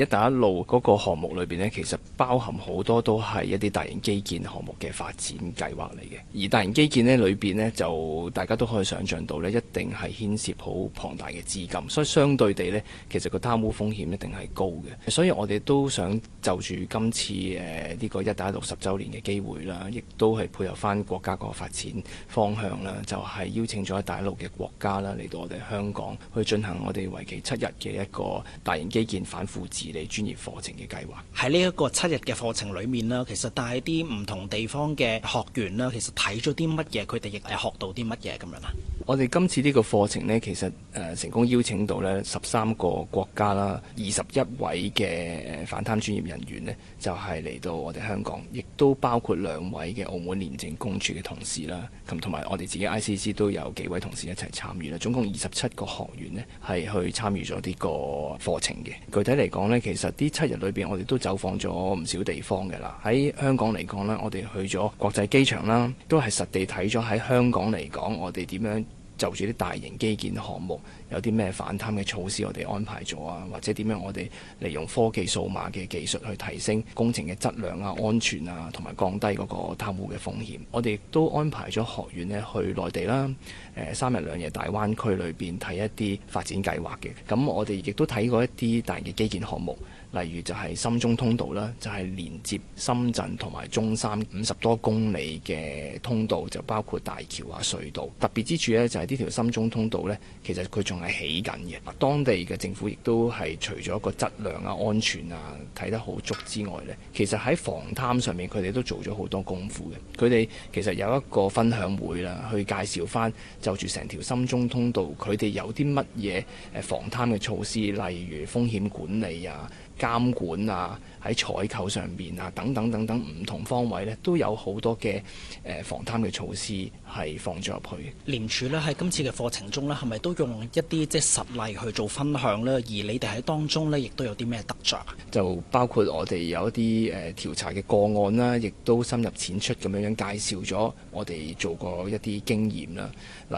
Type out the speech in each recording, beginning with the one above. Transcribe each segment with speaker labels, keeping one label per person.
Speaker 1: 一帶一路嗰個項目裏邊咧，其實包含好多都係一啲大型基建項目嘅發展計劃嚟嘅。而大型基建咧裏邊咧，就大家都可以想象到咧，一定係牽涉好龐大嘅資金，所以相對地咧，其實個貪污風險一定係高嘅。所以我哋都想就住今次誒呢、呃這個一帶一路十週年嘅機會啦，亦都係配合翻國家個發展方向啦，就係、是、邀請咗一帶一路嘅國家啦，嚟到我哋香港去進行我哋為期七日嘅一個大型基建反腐治
Speaker 2: 你專業課程嘅計劃，喺呢一個七日嘅課程裏面啦，其實帶啲唔同地方嘅學員啦，其實睇咗啲乜嘢，佢哋亦係學到啲乜嘢咁樣啊？
Speaker 1: 我哋今次呢個課程呢，其實誒、呃、成功邀請到呢十三個國家啦，二十一位嘅反貪專業人員呢，就係、是、嚟到我哋香港，亦都包括兩位嘅澳門廉政公署嘅同事啦，咁同埋我哋自己 ICC 都有幾位同事一齊參與啦，總共二十七個學員呢，係去參與咗呢個課程嘅。具體嚟講呢。其實呢七日裏邊，我哋都走訪咗唔少地方嘅啦。喺香港嚟講呢，我哋去咗國際機場啦，都係實地睇咗。喺香港嚟講，我哋點樣就住啲大型基建項目有啲咩反貪嘅措施，我哋安排咗啊，或者點樣我哋利用科技數碼嘅技術去提升工程嘅質量啊、安全啊，同埋降低嗰個貪污嘅風險，我哋亦都安排咗學員咧去內地啦，誒、呃、三日兩夜大灣區裏邊睇一啲發展計劃嘅。咁我哋亦都睇過一啲大型嘅基建項目。例如就係深中通道啦，就係、是、連接深圳同埋中山五十多公里嘅通道，就包括大橋啊、隧道。特別之處呢，就係呢條深中通道呢，其實佢仲係起緊嘅。當地嘅政府亦都係除咗一個質量啊、安全啊睇得好足之外呢，其實喺防貪上面佢哋都做咗好多功夫嘅。佢哋其實有一個分享會啦，去介紹翻就住成條深中通道，佢哋有啲乜嘢防貪嘅措施，例如風險管理啊。監管啊，喺採購上邊啊，等等等等唔同方位咧，都有好多嘅、
Speaker 2: 誒、呃、防
Speaker 1: 貪嘅措施係放咗入去。
Speaker 2: 廉署咧喺今次嘅課程中咧，係咪都用一啲即係實例去做分享咧？而你哋喺當中咧，亦都有啲咩得着？
Speaker 1: 就包括我哋有一啲誒調查嘅個案啦，亦都深入淺出咁樣樣介紹咗我哋做過一啲經驗啦。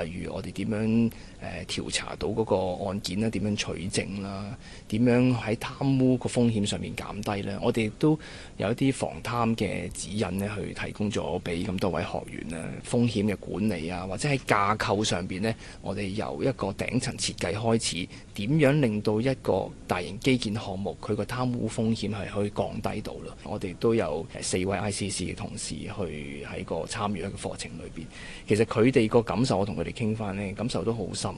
Speaker 1: 例如我哋點樣誒調、呃、查到嗰個案件啦，點樣取證啦，點樣喺貪污風險上面減低咧，我哋都有一啲防貪嘅指引咧，去提供咗俾咁多位學員啦。風險嘅管理啊，或者喺架構上邊咧，我哋由一個頂層設計開始，點樣令到一個大型基建項目佢個貪污風險係可以降低到咧？我哋都有四位 ICC 嘅同事去喺個參與一個課程裏邊，其實佢哋個感受，我同佢哋傾翻咧，感受都好深嘅，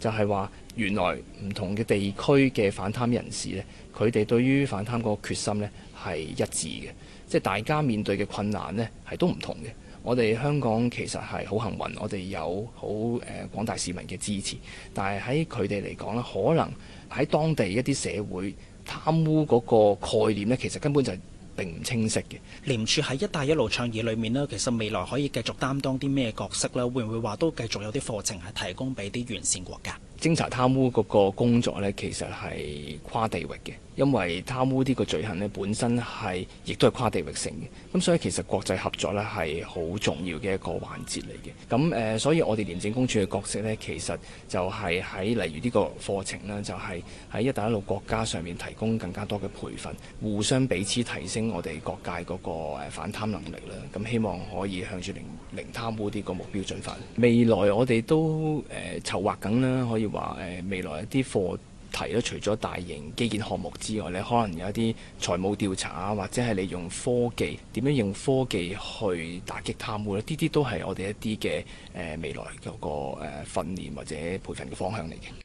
Speaker 1: 就係話原來唔同嘅地區嘅反貪人士咧，佢哋都。對於反貪嗰個決心呢係一致嘅。即係大家面對嘅困難呢係都唔同嘅。我哋香港其實係好幸運，我哋有好誒、呃、廣大市民嘅支持。但係喺佢哋嚟講咧，可能喺當地一啲社會貪污嗰個概念呢，其實根本就係並唔清晰嘅。
Speaker 2: 廉署喺一帶一路倡議裏面呢，其實未來可以繼續擔當啲咩角色呢？會唔會話都繼續有啲課程係提供俾啲完善國家？
Speaker 1: 偵查貪污嗰個工作呢，其實係跨地域嘅。因為貪污呢個罪行呢，本身係亦都係跨地域性嘅，咁所以其實國際合作呢係好重要嘅一個環節嚟嘅。咁誒、呃，所以我哋廉政公署嘅角色呢，其實就係喺例如呢個課程呢，就係喺一帶一路國家上面提供更加多嘅培訓，互相彼此提升我哋各界嗰個反貪能力啦。咁希望可以向住零零貪污呢個目標進發。未來我哋都誒籌劃緊啦，可以話誒、呃、未來一啲課。提咯，除咗大型基建項目之外咧，可能有一啲財務調查啊，或者係利用科技，點樣用科技去打擊貪污咧，呢啲都係我哋一啲嘅，誒，未來嗰個誒、呃、訓練或者培訓嘅方向嚟嘅。